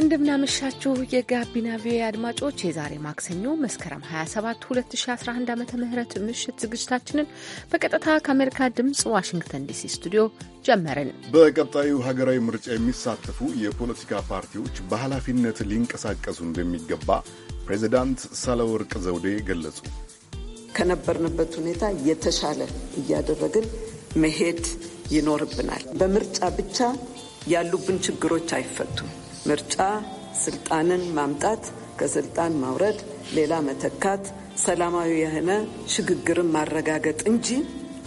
እንደምናመሻችሁ የጋቢና ቪኦኤ አድማጮች የዛሬ ማክሰኞ መስከረም 27 2011 ዓ ም ምሽት ዝግጅታችንን በቀጥታ ከአሜሪካ ድምፅ ዋሽንግተን ዲሲ ስቱዲዮ ጀመርን። በቀጣዩ ሀገራዊ ምርጫ የሚሳተፉ የፖለቲካ ፓርቲዎች በኃላፊነት ሊንቀሳቀሱ እንደሚገባ ፕሬዚዳንት ሳለወርቅ ዘውዴ ገለጹ። ከነበርንበት ሁኔታ የተሻለ እያደረግን መሄድ ይኖርብናል። በምርጫ ብቻ ያሉብን ችግሮች አይፈቱም። ምርጫ፣ ስልጣንን ማምጣት፣ ከስልጣን ማውረድ፣ ሌላ መተካት፣ ሰላማዊ የሆነ ሽግግርን ማረጋገጥ እንጂ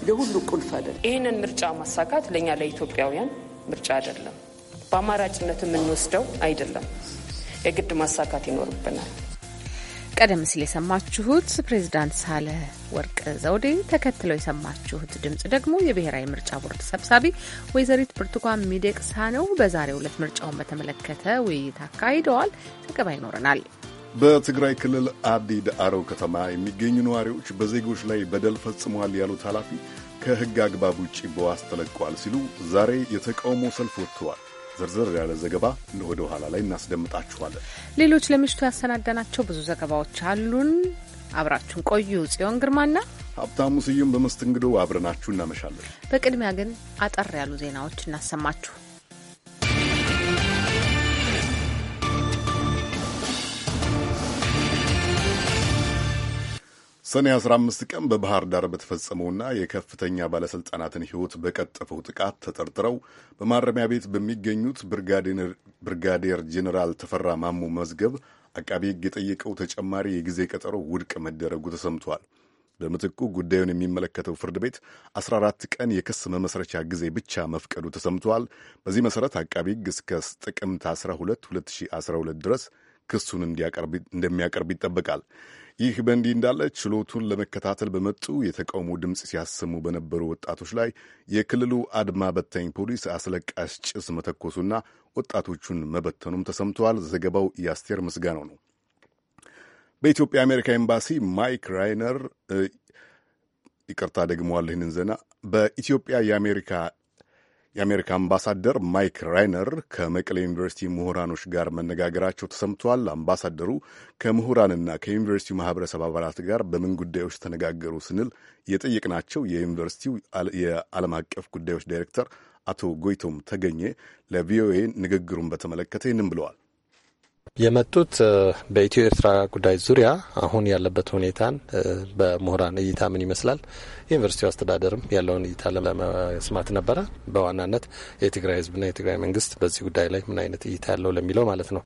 የሁሉ ቁልፍ አይደለም። ይህንን ምርጫ ማሳካት ለእኛ ለኢትዮጵያውያን ምርጫ አይደለም፣ በአማራጭነት የምንወስደው አይደለም። የግድ ማሳካት ይኖርብናል። ቀደም ሲል የሰማችሁት ፕሬዚዳንት ሳለ ወርቅ ዘውዴ፣ ተከትለው የሰማችሁት ድምጽ ደግሞ የብሔራዊ ምርጫ ቦርድ ሰብሳቢ ወይዘሪት ብርቱካን ሚደቅሳ ነው። በዛሬው ዕለት ምርጫውን በተመለከተ ውይይት አካሂደዋል። ዘገባ ይኖረናል። በትግራይ ክልል አዲድ አረው ከተማ የሚገኙ ነዋሪዎች በዜጎች ላይ በደል ፈጽመዋል ያሉት ኃላፊ ከህግ አግባብ ውጭ በዋስ ተለቀዋል ሲሉ ዛሬ የተቃውሞ ሰልፍ ወጥተዋል። ዝርዝር ያለ ዘገባ ወደ ኋላ ላይ እናስደምጣችኋለን። ሌሎች ለምሽቱ ያሰናዳናቸው ብዙ ዘገባዎች አሉን። አብራችሁን ቆዩ። ጽዮን ግርማና ሀብታሙ ስዩም በመስተንግዶ አብረናችሁ እናመሻለን። በቅድሚያ ግን አጠር ያሉ ዜናዎች እናሰማችሁ። ሰኔ 15 ቀን በባህር ዳር በተፈጸመውና የከፍተኛ ባለሥልጣናትን ሕይወት በቀጠፈው ጥቃት ተጠርጥረው በማረሚያ ቤት በሚገኙት ብርጋዴር ጄኔራል ተፈራ ማሞ መዝገብ አቃቤ ሕግ የጠየቀው ተጨማሪ የጊዜ ቀጠሮ ውድቅ መደረጉ ተሰምቷል። በምትኩ ጉዳዩን የሚመለከተው ፍርድ ቤት 14 ቀን የክስ መመስረቻ ጊዜ ብቻ መፍቀዱ ተሰምቷል። በዚህ መሠረት አቃቢ ሕግ እስከ ጥቅምት 12 2012 ድረስ ክሱን እንደሚያቀርብ ይጠበቃል። ይህ በእንዲህ እንዳለ ችሎቱን ለመከታተል በመጡ የተቃውሞ ድምፅ ሲያሰሙ በነበሩ ወጣቶች ላይ የክልሉ አድማ በታኝ ፖሊስ አስለቃሽ ጭስ መተኮሱና ወጣቶቹን መበተኑም ተሰምተዋል። ዘገባው የአስቴር ምስጋናው ነው። በኢትዮጵያ የአሜሪካ ኤምባሲ ማይክ ራይነር ይቅርታ ደግመዋል። ይህንን ዜና በኢትዮጵያ የአሜሪካ የአሜሪካ አምባሳደር ማይክ ራይነር ከመቀሌ ዩኒቨርሲቲ ምሁራኖች ጋር መነጋገራቸው ተሰምቷል። አምባሳደሩ ከምሁራንና ከዩኒቨርሲቲው ማህበረሰብ አባላት ጋር በምን ጉዳዮች ተነጋገሩ ስንል የጠየቅናቸው የዩኒቨርሲቲው የዓለም አቀፍ ጉዳዮች ዳይሬክተር አቶ ጎይቶም ተገኘ ለቪኦኤ ንግግሩን በተመለከተ ይህንም ብለዋል። የመጡት በኢትዮ ኤርትራ ጉዳይ ዙሪያ አሁን ያለበት ሁኔታን በምሁራን እይታ ምን ይመስላል፣ ዩኒቨርሲቲው አስተዳደርም ያለውን እይታ ለመስማት ነበረ። በዋናነት የትግራይ ህዝብና የትግራይ መንግስት በዚህ ጉዳይ ላይ ምን አይነት እይታ ያለው ለሚለው ማለት ነው።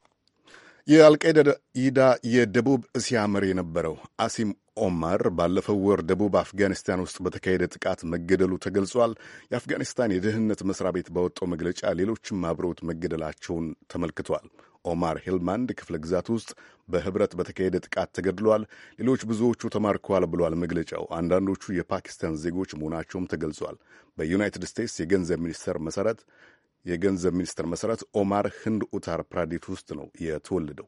የአልቃይዳ የደቡብ እስያ መሪ የነበረው አሲም ኦማር ባለፈው ወር ደቡብ አፍጋኒስታን ውስጥ በተካሄደ ጥቃት መገደሉ ተገልጿል። የአፍጋኒስታን የደህንነት መስሪያ ቤት ባወጣው መግለጫ ሌሎችም አብረውት መገደላቸውን ተመልክቷል። ኦማር ሄልማንድ ክፍለ ግዛት ውስጥ በህብረት በተካሄደ ጥቃት ተገድሏል፣ ሌሎች ብዙዎቹ ተማርከዋል ብሏል መግለጫው። አንዳንዶቹ የፓኪስታን ዜጎች መሆናቸውም ተገልጿል። በዩናይትድ ስቴትስ የገንዘብ ሚኒስቴር መሠረት የገንዘብ ሚኒስቴር መሠረት ኦማር ህንድ ኡታር ፕራዴት ውስጥ ነው የተወለደው።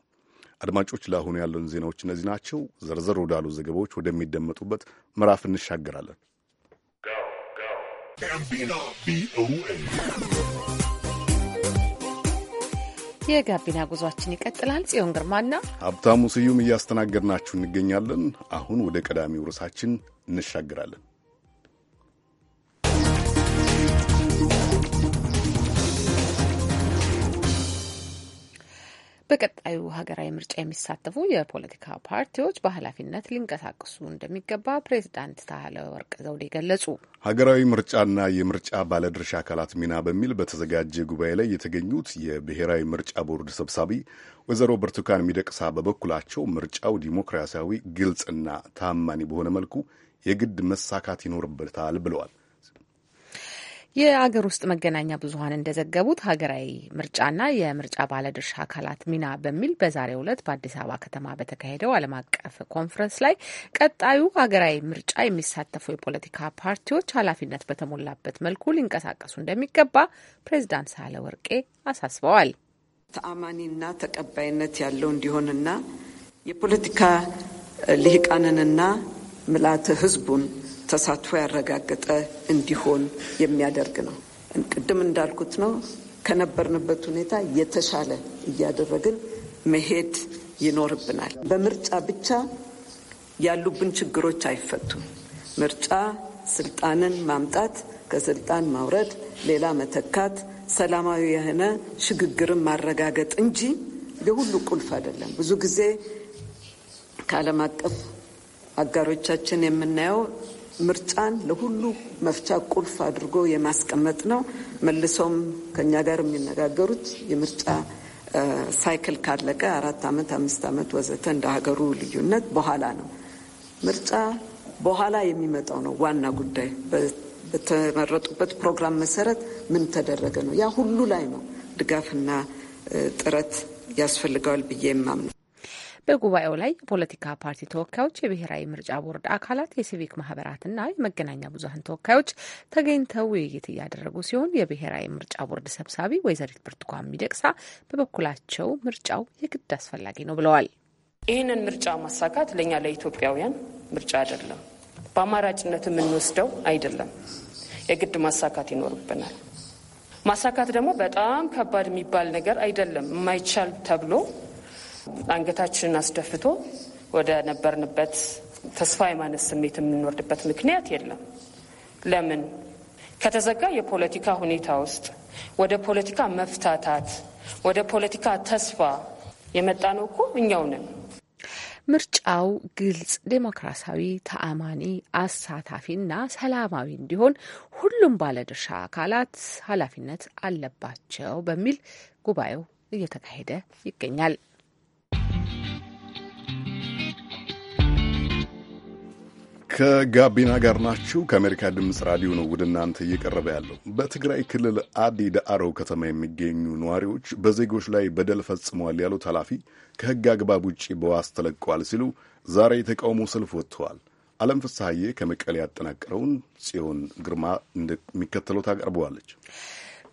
አድማጮች ለአሁኑ ያለውን ዜናዎች እነዚህ ናቸው። ዘርዘር ወዳሉ ዘገባዎች ወደሚደመጡበት ምዕራፍ እንሻገራለን። የጋቢና ጉዟችን ይቀጥላል። ጽዮን ግርማና ሀብታሙ ስዩም እያስተናገድናችሁ እንገኛለን። አሁን ወደ ቀዳሚው ርዕሳችን እንሻገራለን። በቀጣዩ ሀገራዊ ምርጫ የሚሳተፉ የፖለቲካ ፓርቲዎች በኃላፊነት ሊንቀሳቀሱ እንደሚገባ ፕሬዚዳንት ወርቅ ዘውዴ ገለጹ። ሀገራዊ ምርጫና የምርጫ ባለድርሻ አካላት ሚና በሚል በተዘጋጀ ጉባኤ ላይ የተገኙት የብሔራዊ ምርጫ ቦርድ ሰብሳቢ ወይዘሮ ብርቱካን ሚደቅሳ በበኩላቸው ምርጫው ዲሞክራሲያዊ፣ ግልጽና ታማኒ በሆነ መልኩ የግድ መሳካት ይኖርበታል ብለዋል። የአገር ውስጥ መገናኛ ብዙኃን እንደዘገቡት ሀገራዊ ምርጫና የምርጫ ባለድርሻ አካላት ሚና በሚል በዛሬው ዕለት በአዲስ አበባ ከተማ በተካሄደው ዓለም አቀፍ ኮንፈረንስ ላይ ቀጣዩ ሀገራዊ ምርጫ የሚሳተፉ የፖለቲካ ፓርቲዎች ኃላፊነት በተሞላበት መልኩ ሊንቀሳቀሱ እንደሚገባ ፕሬዚዳንት ወርቄ አሳስበዋል። ተአማኒና ተቀባይነት ያለው እንዲሆንና የፖለቲካ ልሂቃንንና ምልዓተ ህዝቡን ተሳትፎ ያረጋገጠ እንዲሆን የሚያደርግ ነው። ቅድም እንዳልኩት ነው ከነበርንበት ሁኔታ የተሻለ እያደረግን መሄድ ይኖርብናል። በምርጫ ብቻ ያሉብን ችግሮች አይፈቱም። ምርጫ ስልጣንን ማምጣት፣ ከስልጣን ማውረድ፣ ሌላ መተካት፣ ሰላማዊ የሆነ ሽግግርን ማረጋገጥ እንጂ የሁሉ ቁልፍ አይደለም። ብዙ ጊዜ ከዓለም አቀፍ አጋሮቻችን የምናየው ምርጫን ለሁሉ መፍቻ ቁልፍ አድርጎ የማስቀመጥ ነው። መልሶም ከኛ ጋር የሚነጋገሩት የምርጫ ሳይክል ካለቀ አራት ዓመት አምስት ዓመት ወዘተ እንደ ሀገሩ ልዩነት በኋላ ነው። ምርጫ በኋላ የሚመጣው ነው ዋና ጉዳይ። በተመረጡበት ፕሮግራም መሰረት ምን ተደረገ ነው። ያ ሁሉ ላይ ነው ድጋፍና ጥረት ያስፈልገዋል ብዬ የማምነው። በጉባኤው ላይ የፖለቲካ ፓርቲ ተወካዮች፣ የብሔራዊ ምርጫ ቦርድ አካላት፣ የሲቪክ ማህበራትና የመገናኛ ብዙሀን ተወካዮች ተገኝተው ውይይት እያደረጉ ሲሆን የብሔራዊ ምርጫ ቦርድ ሰብሳቢ ወይዘሪት ብርቱካን ሚደቅሳ በበኩላቸው ምርጫው የግድ አስፈላጊ ነው ብለዋል። ይህንን ምርጫ ማሳካት ለእኛ ለኢትዮጵያውያን ምርጫ አይደለም፣ በአማራጭነት የምንወስደው አይደለም። የግድ ማሳካት ይኖርብናል። ማሳካት ደግሞ በጣም ከባድ የሚባል ነገር አይደለም። የማይቻል ተብሎ አንገታችንን አስደፍቶ ወደ ነበርንበት ተስፋ የማነስ ስሜት የምንወርድበት ምክንያት የለም። ለምን ከተዘጋ የፖለቲካ ሁኔታ ውስጥ ወደ ፖለቲካ መፍታታት፣ ወደ ፖለቲካ ተስፋ የመጣ ነው እኮ እኛው ነን። ምርጫው ግልጽ፣ ዴሞክራሲያዊ፣ ተአማኒ፣ አሳታፊና ሰላማዊ እንዲሆን ሁሉም ባለድርሻ አካላት ኃላፊነት አለባቸው በሚል ጉባኤው እየተካሄደ ይገኛል። ከጋቢና ጋር ናችሁ። ከአሜሪካ ድምፅ ራዲዮ ነው ወደ እናንተ እየቀረበ ያለው። በትግራይ ክልል አዲ ዳዕሮ ከተማ የሚገኙ ነዋሪዎች በዜጎች ላይ በደል ፈጽመዋል ያሉት ኃላፊ ከህግ አግባብ ውጭ በዋስ ተለቀዋል ሲሉ ዛሬ የተቃውሞ ሰልፍ ወጥተዋል። ዓለም ፍስሐዬ ከመቀሌ ያጠናቀረውን ጽዮን ግርማ እንደሚከተለው ታቀርበዋለች።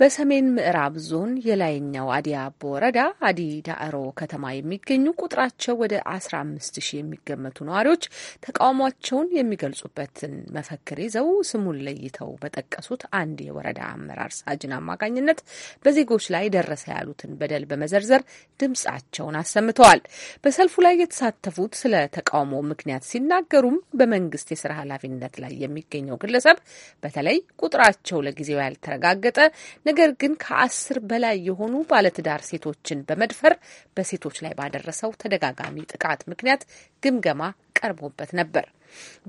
በሰሜን ምዕራብ ዞን የላይኛው አዲ አቦ ወረዳ አዲ ዳዕሮ ከተማ የሚገኙ ቁጥራቸው ወደ 15 ሺህ የሚገመቱ ነዋሪዎች ተቃውሟቸውን የሚገልጹበትን መፈክር ይዘው ስሙን ለይተው በጠቀሱት አንድ የወረዳ አመራር ሳጅን አማካኝነት በዜጎች ላይ ደረሰ ያሉትን በደል በመዘርዘር ድምጻቸውን አሰምተዋል። በሰልፉ ላይ የተሳተፉት ስለ ተቃውሞ ምክንያት ሲናገሩም በመንግስት የስራ ኃላፊነት ላይ የሚገኘው ግለሰብ በተለይ ቁጥራቸው ለጊዜው ያልተረጋገጠ ነገር ግን ከአስር በላይ የሆኑ ባለትዳር ሴቶችን በመድፈር በሴቶች ላይ ባደረሰው ተደጋጋሚ ጥቃት ምክንያት ግምገማ ቀርቦበት ነበር።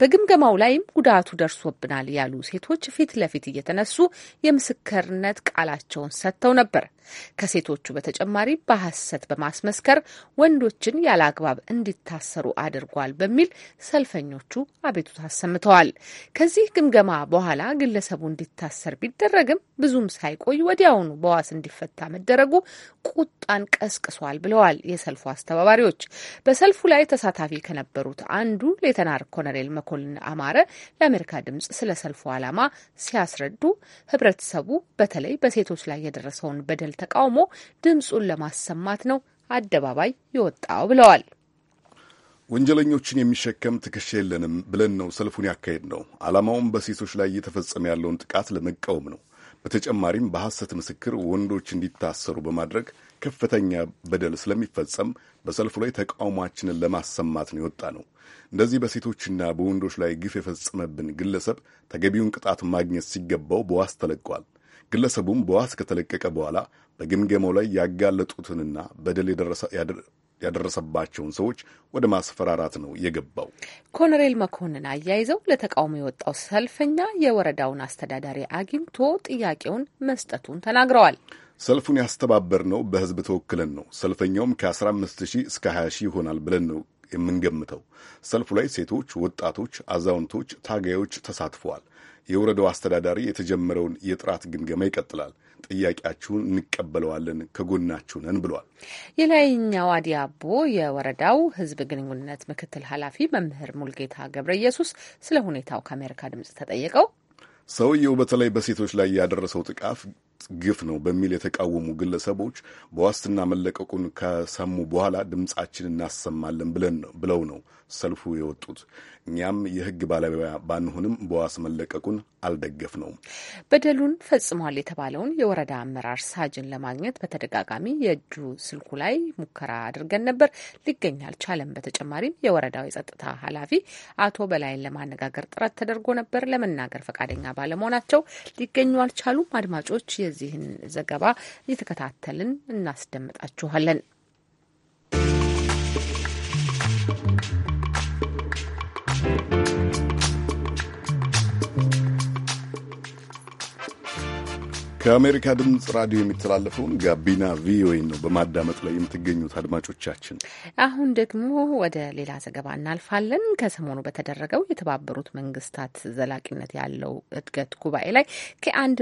በግምገማው ላይም ጉዳቱ ደርሶብናል ያሉ ሴቶች ፊት ለፊት እየተነሱ የምስክርነት ቃላቸውን ሰጥተው ነበር። ከሴቶቹ በተጨማሪ በሐሰት በማስመስከር ወንዶችን ያለ አግባብ እንዲታሰሩ አድርጓል በሚል ሰልፈኞቹ አቤቱታ አሰምተዋል። ከዚህ ግምገማ በኋላ ግለሰቡ እንዲታሰር ቢደረግም ብዙም ሳይቆይ ወዲያውኑ በዋስ እንዲፈታ መደረጉ ቁጣን ቀስቅሷል ብለዋል የሰልፉ አስተባባሪዎች። በሰልፉ ላይ ተሳታፊ ከነበሩት አንዱ ሌተናር ኮነሬል ኮሎኔል መኮልን አማረ ለአሜሪካ ድምጽ ስለ ሰልፉ ዓላማ ሲያስረዱ ህብረተሰቡ በተለይ በሴቶች ላይ የደረሰውን በደል ተቃውሞ ድምጹን ለማሰማት ነው አደባባይ የወጣው ብለዋል። ወንጀለኞችን የሚሸከም ትከሻ የለንም ብለን ነው ሰልፉን ያካሄድ ነው። ዓላማውም በሴቶች ላይ እየተፈጸመ ያለውን ጥቃት ለመቃወም ነው። በተጨማሪም በሐሰት ምስክር ወንዶች እንዲታሰሩ በማድረግ ከፍተኛ በደል ስለሚፈጸም በሰልፉ ላይ ተቃውሟችንን ለማሰማት ነው የወጣ ነው። እንደዚህ በሴቶችና በወንዶች ላይ ግፍ የፈጸመብን ግለሰብ ተገቢውን ቅጣት ማግኘት ሲገባው በዋስ ተለቋል። ግለሰቡም በዋስ ከተለቀቀ በኋላ በግምገማው ላይ ያጋለጡትንና በደል ያደረሰባቸውን ሰዎች ወደ ማስፈራራት ነው የገባው። ኮሎኔል መኮንን አያይዘው ለተቃውሞ የወጣው ሰልፈኛ የወረዳውን አስተዳዳሪ አግኝቶ ጥያቄውን መስጠቱን ተናግረዋል። ሰልፉን ያስተባበር ነው በህዝብ ተወክለን ነው። ሰልፈኛውም ከ15 ሺህ እስከ 20 ሺህ ይሆናል ብለን ነው የምንገምተው። ሰልፉ ላይ ሴቶች፣ ወጣቶች፣ አዛውንቶች፣ ታጋዮች ተሳትፈዋል። የወረዳው አስተዳዳሪ የተጀመረውን የጥራት ግምገማ ይቀጥላል። ጥያቄያችሁን እንቀበለዋለን፣ ከጎናችሁ ነን ብሏል። የላይኛው አዲያቦ የወረዳው ህዝብ ግንኙነት ምክትል ኃላፊ መምህር ሙልጌታ ገብረ ኢየሱስ ስለ ሁኔታው ከአሜሪካ ድምጽ ተጠይቀው ሰውየው በተለይ በሴቶች ላይ ያደረሰው ጥቃፍ ግፍ ነው በሚል የተቃወሙ ግለሰቦች በዋስትና መለቀቁን ከሰሙ በኋላ ድምጻችን እናሰማለን ብለው ነው ሰልፉ የወጡት። እኛም የህግ ባለሙያ ባንሆንም በዋስ መለቀቁን አልደገፍ ነው። በደሉን ፈጽሟል የተባለውን የወረዳ አመራር ሳጅን ለማግኘት በተደጋጋሚ የእጁ ስልኩ ላይ ሙከራ አድርገን ነበር፣ ሊገኝ አልቻለም። በተጨማሪም የወረዳው የጸጥታ ኃላፊ አቶ በላይን ለማነጋገር ጥረት ተደርጎ ነበር፣ ለመናገር ፈቃደኛ ባለመሆናቸው ሊገኙ አልቻሉም። አድማጮች የዚህን ዘገባ እየተከታተልን እናስደምጣችኋለን። ከአሜሪካ ድምፅ ራዲዮ የሚተላለፈውን ጋቢና ቪኦኤ ነው በማዳመጥ ላይ የምትገኙት አድማጮቻችን። አሁን ደግሞ ወደ ሌላ ዘገባ እናልፋለን። ከሰሞኑ በተደረገው የተባበሩት መንግስታት ዘላቂነት ያለው እድገት ጉባኤ ላይ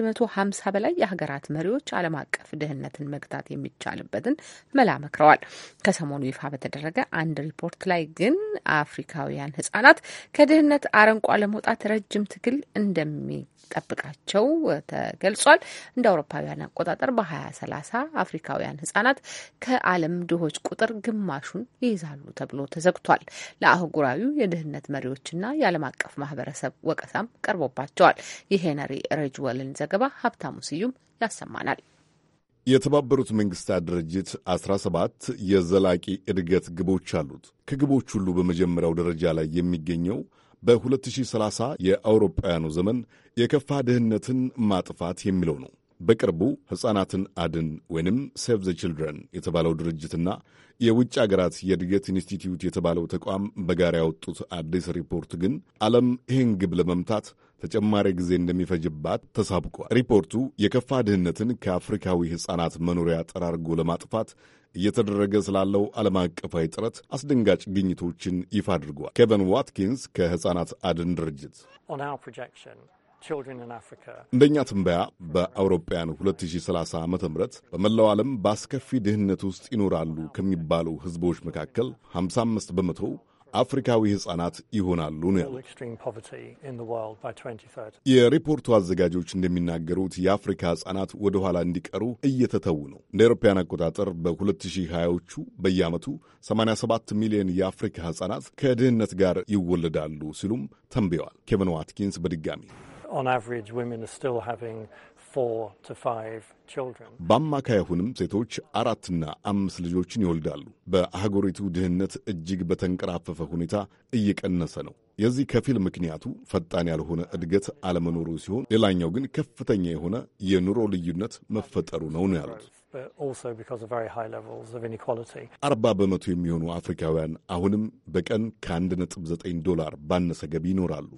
መቶ ሀምሳ በላይ የሀገራት መሪዎች ዓለም አቀፍ ድህነትን መግታት የሚቻልበትን መላ መክረዋል። ከሰሞኑ ይፋ በተደረገ አንድ ሪፖርት ላይ ግን አፍሪካውያን ህጻናት ከድህነት አረንቋ ለመውጣት ረጅም ትግል እንደሚጠብቃቸው ተገልጿል። እንደ አውሮፓውያን አቆጣጠር በ2030 አፍሪካውያን ህጻናት ከዓለም ድሆች ቁጥር ግማሹን ይይዛሉ ተብሎ ተዘግቷል። ለአህጉራዊ የድህነት መሪዎችና የዓለም አቀፍ ማህበረሰብ ወቀሳም ቀርቦባቸዋል። የሄነሪ ሬጅወልን ዘገባ ሀብታሙ ስዩም ያሰማናል። የተባበሩት መንግስታት ድርጅት 17 የዘላቂ እድገት ግቦች አሉት። ከግቦች ሁሉ በመጀመሪያው ደረጃ ላይ የሚገኘው በ2030 የአውሮፓውያኑ ዘመን የከፋ ድህነትን ማጥፋት የሚለው ነው። በቅርቡ ሕፃናትን አድን ወይንም ሴቭ ዘ ችልድረን የተባለው ድርጅትና የውጭ አገራት የእድገት ኢንስቲትዩት የተባለው ተቋም በጋራ ያወጡት አዲስ ሪፖርት ግን ዓለም ይህን ግብ ለመምታት ተጨማሪ ጊዜ እንደሚፈጅባት ተሳብቋል። ሪፖርቱ የከፋ ድህነትን ከአፍሪካዊ ሕፃናት መኖሪያ ጠራርጎ ለማጥፋት እየተደረገ ስላለው ዓለም አቀፋዊ ጥረት አስደንጋጭ ግኝቶችን ይፋ አድርጓል። ኬቨን ዋትኪንስ ከሕፃናት አድን ድርጅት እንደኛ ትንበያ በአውሮፓውያን 2030 ዓ ም በመላው ዓለም በአስከፊ ድህነት ውስጥ ይኖራሉ ከሚባሉ ሕዝቦች መካከል 55 በመቶ አፍሪካዊ ሕፃናት ይሆናሉ ነው ያሉት። የሪፖርቱ አዘጋጆች እንደሚናገሩት የአፍሪካ ሕፃናት ወደ ኋላ እንዲቀሩ እየተተዉ ነው። እንደ አውሮፓውያን አቆጣጠር በ2020ዎቹ በየዓመቱ 87 ሚሊዮን የአፍሪካ ሕፃናት ከድህነት ጋር ይወለዳሉ ሲሉም ተንብየዋል። ኬቨን ዋትኪንስ በድጋሚ on average women are still having four to five children. በአማካይ አሁንም ሴቶች አራትና አምስት ልጆችን ይወልዳሉ። በአህጉሪቱ ድህነት እጅግ በተንቀራፈፈ ሁኔታ እየቀነሰ ነው። የዚህ ከፊል ምክንያቱ ፈጣን ያልሆነ እድገት አለመኖሩ ሲሆን፣ ሌላኛው ግን ከፍተኛ የሆነ የኑሮ ልዩነት መፈጠሩ ነው ነው ያሉት። አርባ በመቶ የሚሆኑ አፍሪካውያን አሁንም በቀን ከአንድ ነጥብ ዘጠኝ ዶላር ባነሰ ገቢ ይኖራሉ።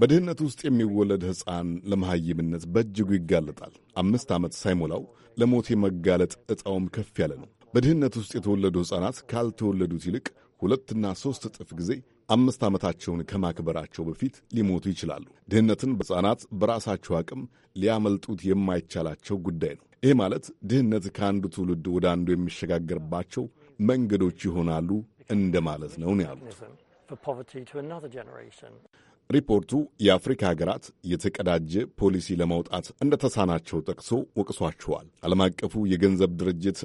በድህነት ውስጥ የሚወለድ ሕፃን ለመሐይምነት በእጅጉ ይጋለጣል። አምስት ዓመት ሳይሞላው ለሞት የመጋለጥ ዕጣውም ከፍ ያለ ነው። በድህነት ውስጥ የተወለዱ ሕፃናት ካልተወለዱት ይልቅ ሁለትና ሦስት እጥፍ ጊዜ አምስት ዓመታቸውን ከማክበራቸው በፊት ሊሞቱ ይችላሉ። ድህነትን በሕፃናት በራሳቸው አቅም ሊያመልጡት የማይቻላቸው ጉዳይ ነው። ይህ ማለት ድህነት ከአንዱ ትውልድ ወደ አንዱ የሚሸጋገርባቸው መንገዶች ይሆናሉ እንደማለት ነው ነው ያሉት። ሪፖርቱ የአፍሪካ ሀገራት የተቀዳጀ ፖሊሲ ለማውጣት እንደተሳናቸው ጠቅሶ ወቅሷቸዋል። ዓለም አቀፉ የገንዘብ ድርጅት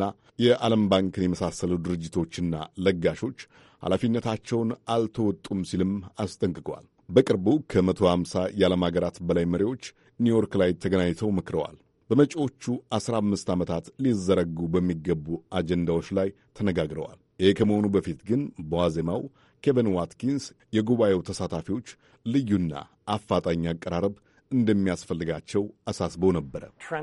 ና የዓለም ባንክን የመሳሰሉ ድርጅቶችና ለጋሾች ኃላፊነታቸውን አልተወጡም ሲልም አስጠንቅቋል። በቅርቡ ከ150 የዓለም ሀገራት በላይ መሪዎች ኒውዮርክ ላይ ተገናኝተው መክረዋል። በመጪዎቹ 15 ዓመታት ሊዘረጉ በሚገቡ አጀንዳዎች ላይ ተነጋግረዋል። ይህ ከመሆኑ በፊት ግን በዋዜማው ኬቨን ዋትኪንስ የጉባኤው ተሳታፊዎች ልዩና አፋጣኝ አቀራረብ እንደሚያስፈልጋቸው አሳስበው ነበረ። uh,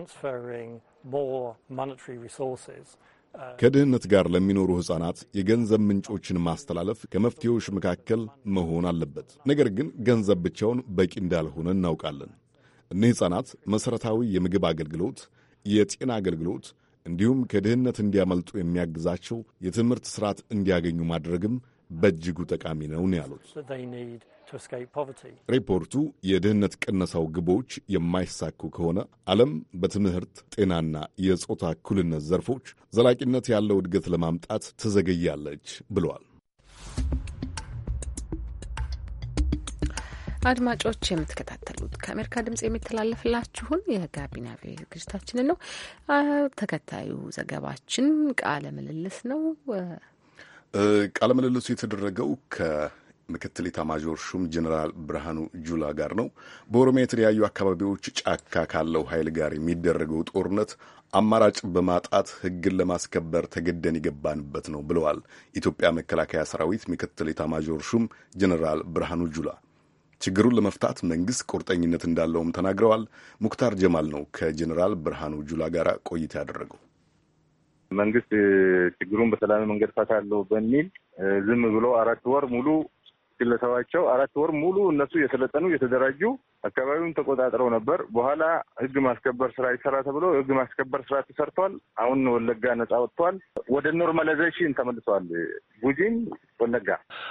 ከድህነት ጋር ለሚኖሩ ሕፃናት የገንዘብ ምንጮችን ማስተላለፍ ከመፍትሄዎች መካከል መሆን አለበት። ነገር ግን ገንዘብ ብቻውን በቂ እንዳልሆነ እናውቃለን። እኒህ ሕፃናት መሠረታዊ የምግብ አገልግሎት፣ የጤና አገልግሎት፣ እንዲሁም ከድህነት እንዲያመልጡ የሚያግዛቸው የትምህርት ስርዓት እንዲያገኙ ማድረግም በእጅጉ ጠቃሚ ነው ነው ያሉት። ሪፖርቱ የድህነት ቅነሳው ግቦች የማይሳኩ ከሆነ ዓለም በትምህርት ጤናና የጾታ እኩልነት ዘርፎች ዘላቂነት ያለው እድገት ለማምጣት ትዘገያለች ብለዋል። አድማጮች የምትከታተሉት ከአሜሪካ ድምጽ የሚተላለፍላችሁን የጋቢና ቪኦኤ ዝግጅታችንን ነው። ተከታዩ ዘገባችን ቃለ ምልልስ ነው። ቃለ ምልልሱ የተደረገው ከምክትል ኤታማዦር ሹም ጀኔራል ብርሃኑ ጁላ ጋር ነው። በኦሮሚያ የተለያዩ አካባቢዎች ጫካ ካለው ኃይል ጋር የሚደረገው ጦርነት አማራጭ በማጣት ሕግን ለማስከበር ተገደን የገባንበት ነው ብለዋል ኢትዮጵያ መከላከያ ሰራዊት ምክትል ኤታማዦር ሹም ጀኔራል ብርሃኑ ጁላ። ችግሩን ለመፍታት መንግስት ቁርጠኝነት እንዳለውም ተናግረዋል። ሙክታር ጀማል ነው ከጀኔራል ብርሃኑ ጁላ ጋር ቆይታ ያደረገው። መንግስት ችግሩን በሰላም መንገድ ፈታለሁ በሚል ዝም ብሎ አራት ወር ሙሉ ግለሰባቸው አራት ወር ሙሉ እነሱ የሰለጠኑ የተደራጁ አካባቢውን ተቆጣጥረው ነበር። በኋላ ህግ ማስከበር ስራ ይሰራ ተብሎ ህግ ማስከበር ስራ ተሰርቷል። አሁን ወለጋ ነጻ ወጥቷል። ወደ ኖርማላይዜሽን ተመልሷል። ጉጂም ወለጋ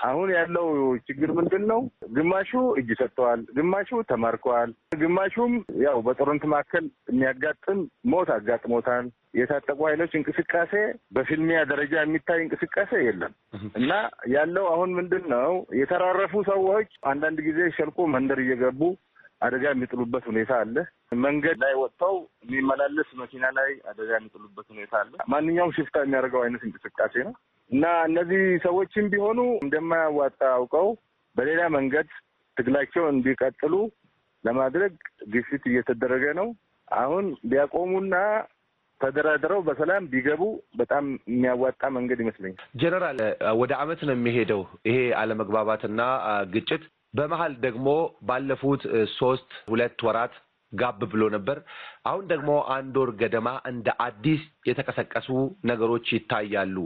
አሁን ያለው ችግር ምንድን ነው? ግማሹ እጅ ሰጥተዋል፣ ግማሹ ተማርከዋል፣ ግማሹም ያው በጦርነት መካከል የሚያጋጥም ሞት አጋጥሞታል። የታጠቁ ኃይሎች እንቅስቃሴ በፊልሚያ ደረጃ የሚታይ እንቅስቃሴ የለም እና ያለው አሁን ምንድን ነው የተራረፉ ሰዎች አንዳንድ ጊዜ ሸልቆ መንደር እየገቡ አደጋ የሚጥሉበት ሁኔታ አለ። መንገድ ላይ ወጥተው የሚመላለስ መኪና ላይ አደጋ የሚጥሉበት ሁኔታ አለ። ማንኛውም ሽፍታ የሚያደርገው አይነት እንቅስቃሴ ነው እና እነዚህ ሰዎችም ቢሆኑ እንደማያዋጣ አውቀው በሌላ መንገድ ትግላቸውን እንዲቀጥሉ ለማድረግ ግፊት እየተደረገ ነው። አሁን ቢያቆሙና ተደራድረው በሰላም ቢገቡ በጣም የሚያዋጣ መንገድ ይመስለኛል። ጀነራል፣ ወደ አመት ነው የሚሄደው ይሄ አለመግባባትና ግጭት በመሀል ደግሞ ባለፉት ሶስት ሁለት ወራት ጋብ ብሎ ነበር። አሁን ደግሞ አንድ ወር ገደማ እንደ አዲስ የተቀሰቀሱ ነገሮች ይታያሉ።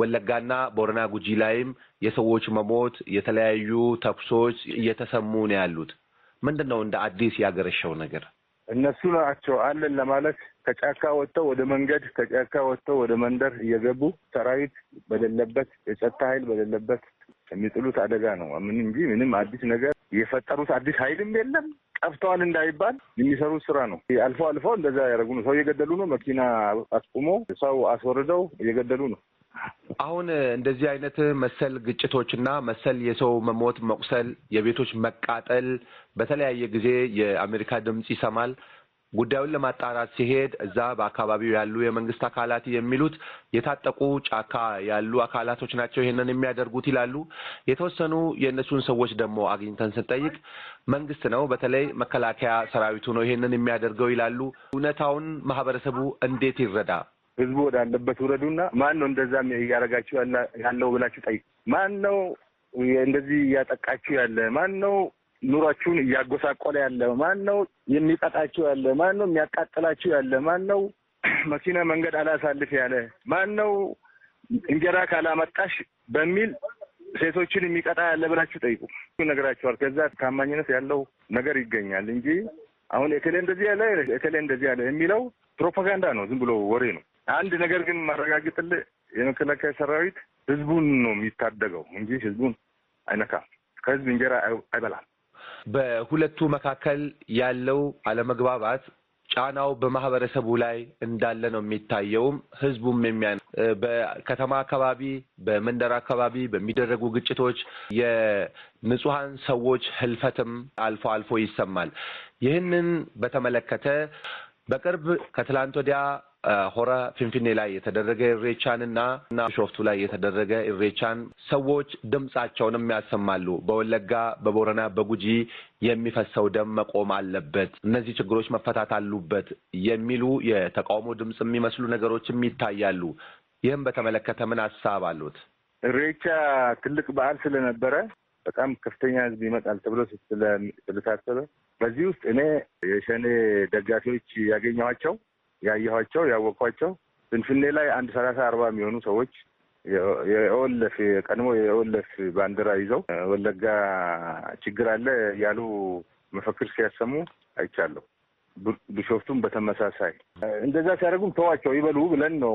ወለጋና ቦረና ጉጂ ላይም የሰዎች መሞት፣ የተለያዩ ተኩሶች እየተሰሙ ነው ያሉት። ምንድን ነው እንደ አዲስ ያገረሸው ነገር? እነሱ ናቸው አለን ለማለት ከጫካ ወጥተው ወደ መንገድ ከጫካ ወጥተው ወደ መንደር እየገቡ ሰራዊት በሌለበት የጸጥታ ኃይል በሌለበት የሚጥሉት አደጋ ነው። ምን እንጂ ምንም አዲስ ነገር የፈጠሩት አዲስ ኃይልም የለም። ጠፍተዋል እንዳይባል የሚሰሩት ስራ ነው። አልፎ አልፎ እንደዛ ያደረጉ ነው። ሰው እየገደሉ ነው። መኪና አስቁሞ ሰው አስወርደው እየገደሉ ነው። አሁን እንደዚህ አይነት መሰል ግጭቶች እና መሰል የሰው መሞት፣ መቁሰል፣ የቤቶች መቃጠል በተለያየ ጊዜ የአሜሪካ ድምፅ ይሰማል። ጉዳዩን ለማጣራት ሲሄድ እዛ በአካባቢው ያሉ የመንግስት አካላት የሚሉት የታጠቁ ጫካ ያሉ አካላቶች ናቸው ይሄንን የሚያደርጉት ይላሉ። የተወሰኑ የእነሱን ሰዎች ደግሞ አግኝተን ስንጠይቅ መንግስት ነው፣ በተለይ መከላከያ ሰራዊቱ ነው ይሄንን የሚያደርገው ይላሉ። እውነታውን ማህበረሰቡ እንዴት ይረዳ? ህዝቡ ወዳለበት ውረዱና ማን ነው እንደዛ እያደረጋችሁ ያለው ብላችሁ ጠይቅ። ማን ነው እንደዚህ እያጠቃችሁ ያለ? ማን ነው ኑሯችሁን እያጎሳቆለ ያለ ማን ነው? የሚቀጣችሁ ያለ ማን ነው? የሚያቃጥላችሁ ያለ ማን ነው? መኪና መንገድ አላሳልፍ ያለ ማን ነው? እንጀራ ካላመጣሽ በሚል ሴቶችን የሚቀጣ ያለ ብላችሁ ጠይቁ፣ ነገራችኋል። ከዛ ታማኝነት ያለው ነገር ይገኛል እንጂ አሁን እከሌ እንደዚህ ያለ እከሌ እንደዚህ ያለ የሚለው ፕሮፓጋንዳ ነው፣ ዝም ብሎ ወሬ ነው። አንድ ነገር ግን ማረጋግጥልህ የመከላከያ ሰራዊት ህዝቡን ነው የሚታደገው እንጂ ህዝቡን አይነካም። ከህዝብ እንጀራ አይበላም። በሁለቱ መካከል ያለው አለመግባባት ጫናው በማህበረሰቡ ላይ እንዳለ ነው የሚታየውም። ህዝቡም የሚያ በከተማ አካባቢ፣ በመንደር አካባቢ በሚደረጉ ግጭቶች የንጹሐን ሰዎች ህልፈትም አልፎ አልፎ ይሰማል። ይህንን በተመለከተ በቅርብ ከትላንት ወዲያ ሆረ ፊንፊኔ ላይ የተደረገ እሬቻን እና ሾፍቱ ላይ የተደረገ እሬቻን ሰዎች ድምጻቸውንም ያሰማሉ። በወለጋ በቦረና በጉጂ የሚፈሰው ደም መቆም አለበት፣ እነዚህ ችግሮች መፈታት አሉበት የሚሉ የተቃውሞ ድምፅ የሚመስሉ ነገሮችም ይታያሉ። ይህም በተመለከተ ምን ሀሳብ አሉት? እሬቻ ትልቅ በዓል ስለነበረ በጣም ከፍተኛ ህዝብ ይመጣል ተብሎ ስለታሰበ በዚህ ውስጥ እኔ የሸኔ ደጋፊዎች ያገኘኋቸው ያየኋቸው ያወቅኳቸው ፍንፍኔ ላይ አንድ ሰላሳ አርባ የሚሆኑ ሰዎች የኦለፍ ቀድሞ የኦለፍ ባንዲራ ይዘው ወለጋ ችግር አለ ያሉ መፈክር ሲያሰሙ አይቻለሁ። ቢሾፍቱም በተመሳሳይ እንደዛ ሲያደርጉም ተዋቸው ይበሉ ብለን ነው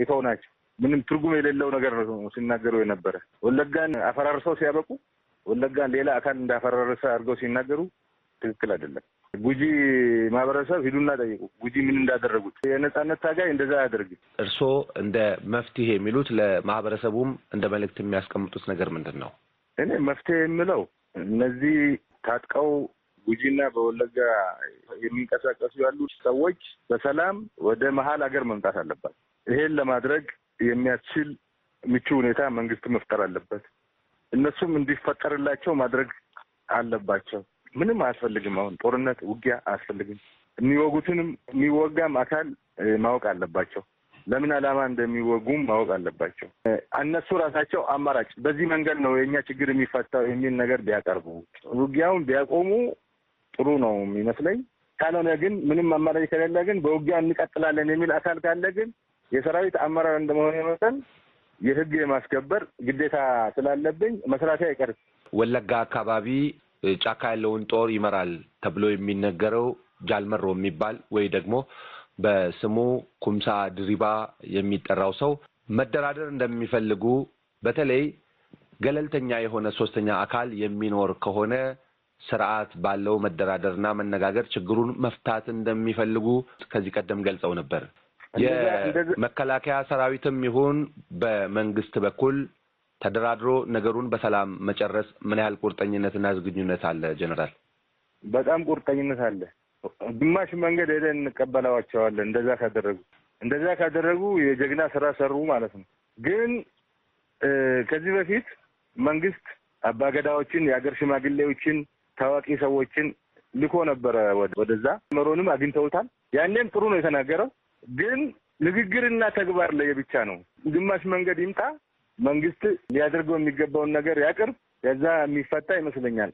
የተው ናቸው። ምንም ትርጉም የሌለው ነገር ነው ሲናገሩ የነበረ። ወለጋን አፈራርሰው ሲያበቁ ወለጋን ሌላ አካል እንዳፈራረሰ አድርገው ሲናገሩ ትክክል አይደለም። ጉጂ ማህበረሰብ ሂዱና ጠይቁ። ጉጂ ምን እንዳደረጉት የነጻነት ታጋይ እንደዛ አያደርግም። እርስዎ እንደ መፍትሄ የሚሉት ለማህበረሰቡም እንደ መልእክት የሚያስቀምጡት ነገር ምንድን ነው? እኔ መፍትሄ የምለው እነዚህ ታጥቀው ጉጂና በወለጋ የሚንቀሳቀሱ ያሉ ሰዎች በሰላም ወደ መሀል ሀገር መምጣት አለባት። ይሄን ለማድረግ የሚያስችል ምቹ ሁኔታ መንግስት መፍጠር አለበት። እነሱም እንዲፈጠርላቸው ማድረግ አለባቸው። ምንም አያስፈልግም። አሁን ጦርነት፣ ውጊያ አያስፈልግም። የሚወጉትንም የሚወጋም አካል ማወቅ አለባቸው። ለምን ዓላማ እንደሚወጉም ማወቅ አለባቸው። እነሱ ራሳቸው አማራጭ በዚህ መንገድ ነው የእኛ ችግር የሚፈታው የሚል ነገር ቢያቀርቡ ውጊያውን ቢያቆሙ ጥሩ ነው የሚመስለኝ። ካልሆነ ግን ምንም አማራጭ ከሌለ ግን በውጊያ እንቀጥላለን የሚል አካል ካለ ግን የሰራዊት አመራር እንደመሆነ መጠን የህግ የማስከበር ግዴታ ስላለብኝ መስራቴ አይቀርም። ወለጋ አካባቢ ጫካ ያለውን ጦር ይመራል ተብሎ የሚነገረው ጃልመሮ የሚባል ወይ ደግሞ በስሙ ኩምሳ ድሪባ የሚጠራው ሰው መደራደር እንደሚፈልጉ በተለይ ገለልተኛ የሆነ ሶስተኛ አካል የሚኖር ከሆነ ስርዓት ባለው መደራደርና መነጋገር ችግሩን መፍታት እንደሚፈልጉ ከዚህ ቀደም ገልጸው ነበር። የመከላከያ ሰራዊትም ይሁን በመንግስት በኩል ተደራድሮ ነገሩን በሰላም መጨረስ ምን ያህል ቁርጠኝነትና ዝግኙነት አለ ጀነራል? በጣም ቁርጠኝነት አለ። ግማሽ መንገድ ሄደን እንቀበላዋቸዋለን እንደዛ ካደረጉ እንደዛ ካደረጉ የጀግና ስራ ሰሩ ማለት ነው። ግን ከዚህ በፊት መንግስት አባገዳዎችን፣ የአገር ሽማግሌዎችን፣ ታዋቂ ሰዎችን ልኮ ነበረ ወደዛ። መሮንም አግኝተውታል። ያኔም ጥሩ ነው የተናገረው። ግን ንግግርና ተግባር ለየብቻ ነው። ግማሽ መንገድ ይምጣ መንግስት ሊያደርገው የሚገባውን ነገር ያቅርብ። ከዛ የሚፈታ ይመስለኛል።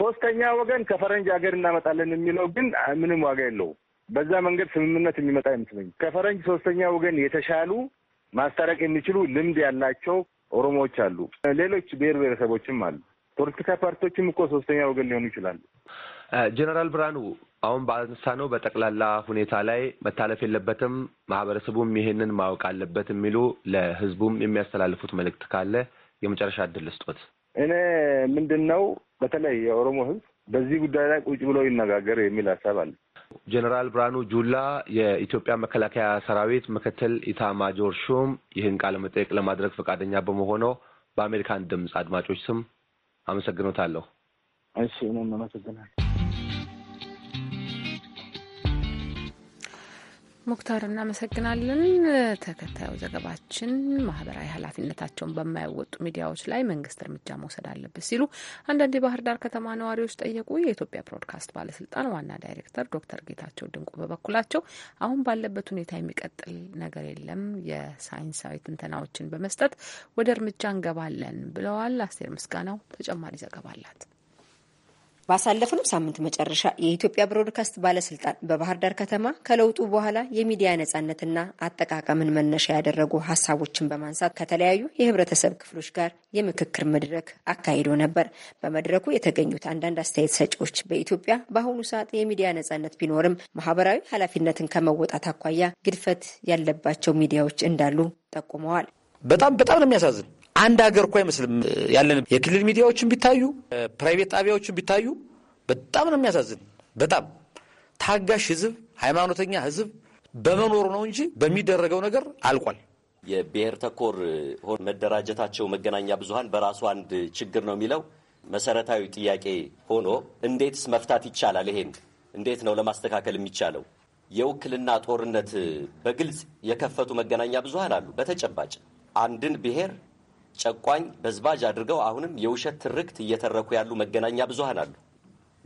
ሶስተኛ ወገን ከፈረንጅ ሀገር እናመጣለን የሚለው ግን ምንም ዋጋ የለው በዛ መንገድ ስምምነት የሚመጣ ይመስለኛል። ከፈረንጅ ሶስተኛ ወገን የተሻሉ ማስታረቅ የሚችሉ ልምድ ያላቸው ኦሮሞዎች አሉ፣ ሌሎች ብሔር ብሔረሰቦችም አሉ። ፖለቲካ ፓርቲዎችም እኮ ሶስተኛ ወገን ሊሆኑ ይችላሉ። ጀነራል ብርሃኑ አሁን ባነሳነው በጠቅላላ ሁኔታ ላይ መታለፍ የለበትም፣ ማህበረሰቡም ይህንን ማወቅ አለበት የሚሉ ለህዝቡም የሚያስተላልፉት መልእክት ካለ የመጨረሻ እድል ስጦት እኔ ምንድን ነው በተለይ የኦሮሞ ህዝብ በዚህ ጉዳይ ላይ ቁጭ ብሎ ይነጋገር የሚል ሀሳብ አለ። ጀኔራል ብርሃኑ ጁላ የኢትዮጵያ መከላከያ ሰራዊት ምክትል ኢታማጆር ሹም ይህን ቃለ መጠየቅ ለማድረግ ፈቃደኛ በመሆኑ በአሜሪካን ድምፅ አድማጮች ስም አመሰግኖታለሁ። እሺ እኔም አመሰግናለሁ። ሙክታር እናመሰግናለን። ተከታዩ ዘገባችን ማህበራዊ ኃላፊነታቸውን በማያወጡ ሚዲያዎች ላይ መንግስት እርምጃ መውሰድ አለበት ሲሉ አንዳንድ የባህር ዳር ከተማ ነዋሪዎች ጠየቁ። የኢትዮጵያ ብሮድካስት ባለስልጣን ዋና ዳይሬክተር ዶክተር ጌታቸው ድንቁ በበኩላቸው አሁን ባለበት ሁኔታ የሚቀጥል ነገር የለም፣ የሳይንሳዊ ትንተናዎችን በመስጠት ወደ እርምጃ እንገባለን ብለዋል። አስቴር ምስጋናው ተጨማሪ ዘገባ አላት። ባሳለፍነው ሳምንት መጨረሻ የኢትዮጵያ ብሮድካስት ባለስልጣን በባህር ዳር ከተማ ከለውጡ በኋላ የሚዲያ ነጻነትና አጠቃቀምን መነሻ ያደረጉ ሀሳቦችን በማንሳት ከተለያዩ የህብረተሰብ ክፍሎች ጋር የምክክር መድረክ አካሂዶ ነበር። በመድረኩ የተገኙት አንዳንድ አስተያየት ሰጪዎች በኢትዮጵያ በአሁኑ ሰዓት የሚዲያ ነጻነት ቢኖርም ማህበራዊ ኃላፊነትን ከመወጣት አኳያ ግድፈት ያለባቸው ሚዲያዎች እንዳሉ ጠቁመዋል። በጣም በጣም ነው የሚያሳዝን አንድ ሀገር እኮ አይመስልም ያለን። የክልል ሚዲያዎችን ቢታዩ፣ ፕራይቬት ጣቢያዎችን ቢታዩ በጣም ነው የሚያሳዝን። በጣም ታጋሽ ህዝብ፣ ሃይማኖተኛ ህዝብ በመኖሩ ነው እንጂ በሚደረገው ነገር አልቋል። የብሔር ተኮር ሆን መደራጀታቸው መገናኛ ብዙሀን በራሱ አንድ ችግር ነው የሚለው መሰረታዊ ጥያቄ ሆኖ እንዴትስ መፍታት ይቻላል? ይሄን እንዴት ነው ለማስተካከል የሚቻለው? የውክልና ጦርነት በግልጽ የከፈቱ መገናኛ ብዙሀን አሉ። በተጨባጭ አንድን ብሔር ጨቋኝ፣ በዝባጅ አድርገው አሁንም የውሸት ትርክት እየተረኩ ያሉ መገናኛ ብዙሀን አሉ።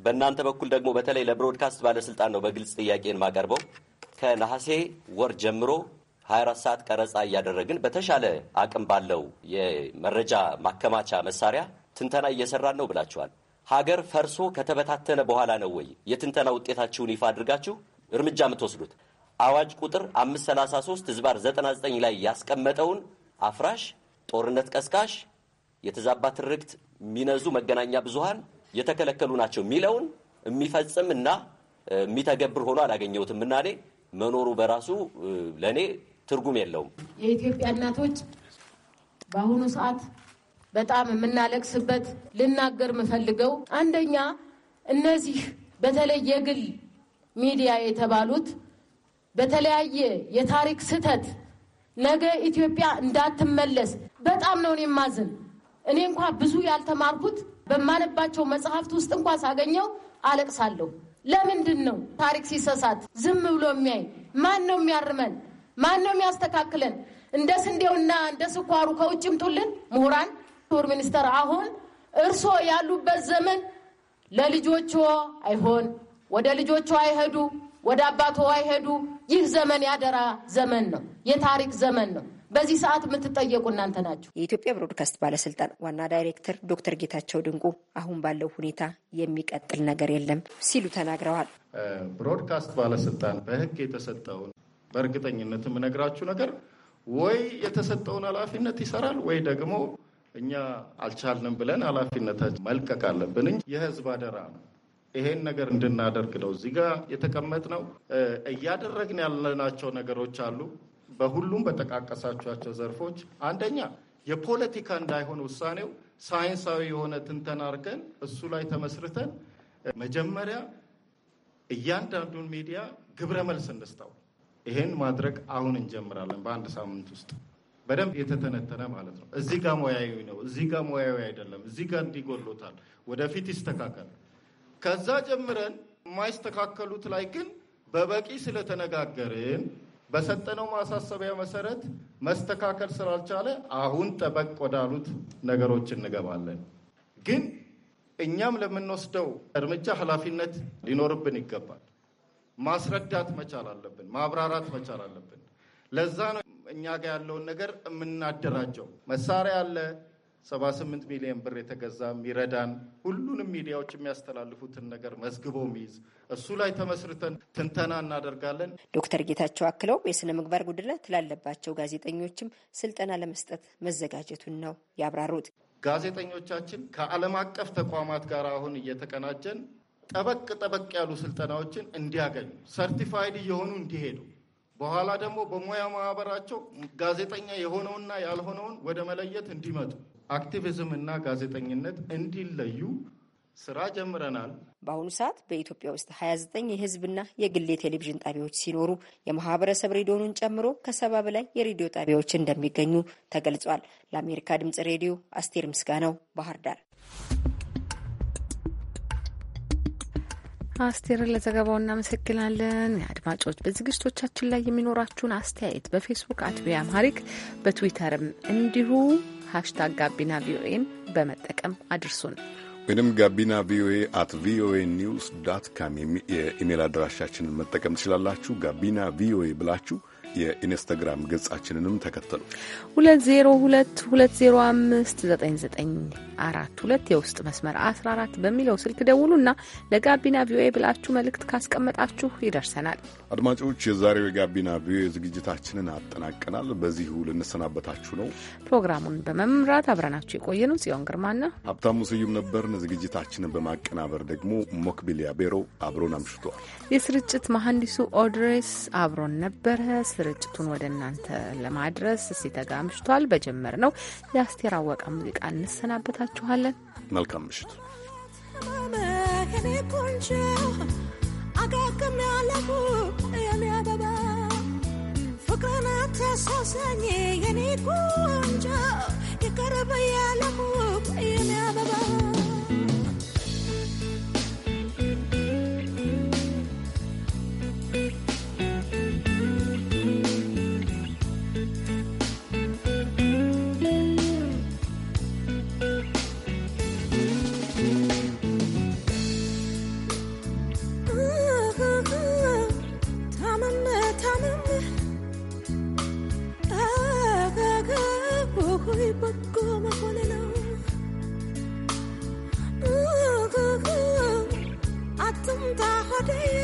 በእናንተ በኩል ደግሞ በተለይ ለብሮድካስት ባለስልጣን ነው በግልጽ ጥያቄን ማቀርበው። ከነሐሴ ወር ጀምሮ 24 ሰዓት ቀረጻ እያደረግን በተሻለ አቅም ባለው የመረጃ ማከማቻ መሳሪያ ትንተና እየሰራን ነው ብላችኋል። ሀገር ፈርሶ ከተበታተነ በኋላ ነው ወይ የትንተና ውጤታችሁን ይፋ አድርጋችሁ እርምጃ የምትወስዱት? አዋጅ ቁጥር 533 ዝባር 99 ላይ ያስቀመጠውን አፍራሽ ጦርነት ቀስቃሽ፣ የተዛባ ትርክት የሚነዙ መገናኛ ብዙሃን የተከለከሉ ናቸው የሚለውን የሚፈጽም እና የሚተገብር ሆኖ አላገኘሁትም እና እኔ መኖሩ በራሱ ለእኔ ትርጉም የለውም። የኢትዮጵያ እናቶች በአሁኑ ሰዓት በጣም የምናለቅስበት ልናገር የምፈልገው አንደኛ እነዚህ በተለይ የግል ሚዲያ የተባሉት በተለያየ የታሪክ ስህተት ነገ ኢትዮጵያ እንዳትመለስ በጣም ነው እኔ ማዝን እኔ እንኳ ብዙ ያልተማርኩት በማነባቸው መጽሐፍት ውስጥ እንኳ ሳገኘው አለቅሳለሁ። ለምንድን ነው ታሪክ ሲሰሳት ዝም ብሎ የሚያይ? ማን ነው የሚያርመን? ማን ነው የሚያስተካክለን? እንደ ስንዴውና እንደ ስኳሩ ከውጭ ምጡልን ምሁራን። ክቡር ሚኒስተር፣ አሁን እርስዎ ያሉበት ዘመን ለልጆቹ አይሆን፣ ወደ ልጆቹ አይሄዱ፣ ወደ አባቶ አይሄዱ። ይህ ዘመን ያደራ ዘመን ነው፣ የታሪክ ዘመን ነው። በዚህ ሰዓት የምትጠየቁ እናንተ ናችሁ። የኢትዮጵያ ብሮድካስት ባለስልጣን ዋና ዳይሬክተር ዶክተር ጌታቸው ድንቁ አሁን ባለው ሁኔታ የሚቀጥል ነገር የለም ሲሉ ተናግረዋል። ብሮድካስት ባለስልጣን በህግ የተሰጠውን በእርግጠኝነት የምነግራችሁ ነገር ወይ የተሰጠውን ኃላፊነት ይሰራል ወይ ደግሞ እኛ አልቻልንም ብለን ኃላፊነታችን መልቀቅ አለብን እንጂ የህዝብ አደራ ነው። ይሄን ነገር እንድናደርግ ነው እዚህ ጋር የተቀመጥ ነው። እያደረግን ያለናቸው ነገሮች አሉ። በሁሉም በጠቃቀሳቸው ዘርፎች አንደኛ የፖለቲካ እንዳይሆን ውሳኔው ሳይንሳዊ የሆነ ትንተና አድርገን እሱ ላይ ተመስርተን መጀመሪያ እያንዳንዱን ሚዲያ ግብረ መልስ እንስጠው። ይሄን ማድረግ አሁን እንጀምራለን። በአንድ ሳምንት ውስጥ በደንብ የተተነተነ ማለት ነው። እዚህ ጋር ሙያዊ ነው፣ እዚህ ጋር ሙያዊ አይደለም፣ እዚህ ጋር እንዲጎሎታል፣ ወደፊት ይስተካከል። ከዛ ጀምረን የማይስተካከሉት ላይ ግን በበቂ ስለተነጋገርን በሰጠነው ማሳሰቢያ መሰረት መስተካከል ስላልቻለ አሁን ጠበቅ ወዳሉት ነገሮች እንገባለን። ግን እኛም ለምንወስደው እርምጃ ኃላፊነት ሊኖርብን ይገባል። ማስረዳት መቻል አለብን። ማብራራት መቻል አለብን። ለዛ ነው እኛ ጋር ያለውን ነገር የምናደራጀው። መሳሪያ አለ 78 ሚሊዮን ብር የተገዛ የሚረዳን ሁሉንም ሚዲያዎች የሚያስተላልፉትን ነገር መዝግቦ ሚይዝ እሱ ላይ ተመስርተን ትንተና እናደርጋለን። ዶክተር ጌታቸው አክለው የስነ ምግባር ጉድለት ላለባቸው ጋዜጠኞችም ስልጠና ለመስጠት መዘጋጀቱን ነው ያብራሩት። ጋዜጠኞቻችን ከዓለም አቀፍ ተቋማት ጋር አሁን እየተቀናጀን ጠበቅ ጠበቅ ያሉ ስልጠናዎችን እንዲያገኙ ሰርቲፋይድ እየሆኑ እንዲሄዱ በኋላ ደግሞ በሙያ ማህበራቸው ጋዜጠኛ የሆነውና ያልሆነውን ወደ መለየት እንዲመጡ አክቲቪዝም እና ጋዜጠኝነት እንዲለዩ ስራ ጀምረናል። በአሁኑ ሰዓት በኢትዮጵያ ውስጥ 29 የህዝብና የግል የቴሌቪዥን ጣቢያዎች ሲኖሩ የማህበረሰብ ሬዲዮኑን ጨምሮ ከሰባ በላይ የሬዲዮ ጣቢያዎች እንደሚገኙ ተገልጿል። ለአሜሪካ ድምጽ ሬዲዮ አስቴር ምስጋናው ባህር ዳር አስቴርን ለዘገባው እናመሰግናለን። አድማጮች በዝግጅቶቻችን ላይ የሚኖራችሁን አስተያየት በፌስቡክ አት ቪኦኤ በትዊተርም እንዲሁ ሀሽታግ ጋቢና ቪኦኤም በመጠቀም አድርሱን ወይንም ጋቢና ቪኦኤ አት ቪኦኤ ኒውስ ዳት ካም የኢሜል አድራሻችንን መጠቀም ትችላላችሁ። ጋቢና ቪኦኤ ብላችሁ የኢንስታግራም ገጻችንንም ተከተሉ። 2022059942 የውስጥ መስመር 14 በሚለው ስልክ ደውሉና ለጋቢና ቪኦኤ ብላችሁ መልእክት ካስቀመጣችሁ ይደርሰናል። አድማጮች፣ የዛሬው የጋቢና ቪኦኤ ዝግጅታችንን አጠናቀናል። በዚሁ ልንሰናበታችሁ ነው። ፕሮግራሙን በመምራት አብረናችሁ የቆየነው ጽዮን ግርማና ሀብታሙ ስዩም ነበርን። ዝግጅታችንን በማቀናበር ደግሞ ሞክቢሊያ ቤሮ አብሮን አምሽቷል። የስርጭት መሐንዲሱ ኦድሬስ አብሮን ነበረ። ስርጭቱን ወደ እናንተ ለማድረስ ሲተጋ ምሽቷል። በጀመር ነው የአስቴር አወቃ ሙዚቃ እንሰናበታችኋለን። መልካም ምሽት። የኔ የቀረበ ፍቅርን today.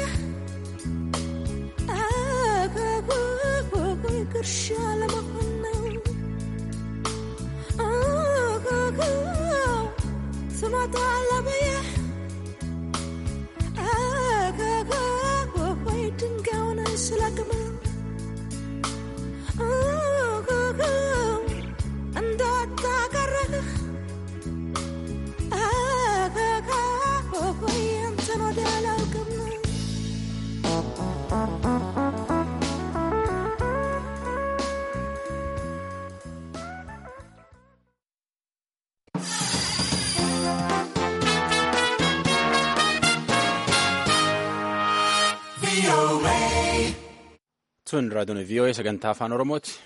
Tun raadiyoon vii'oo sagantaa afaan Oromooti.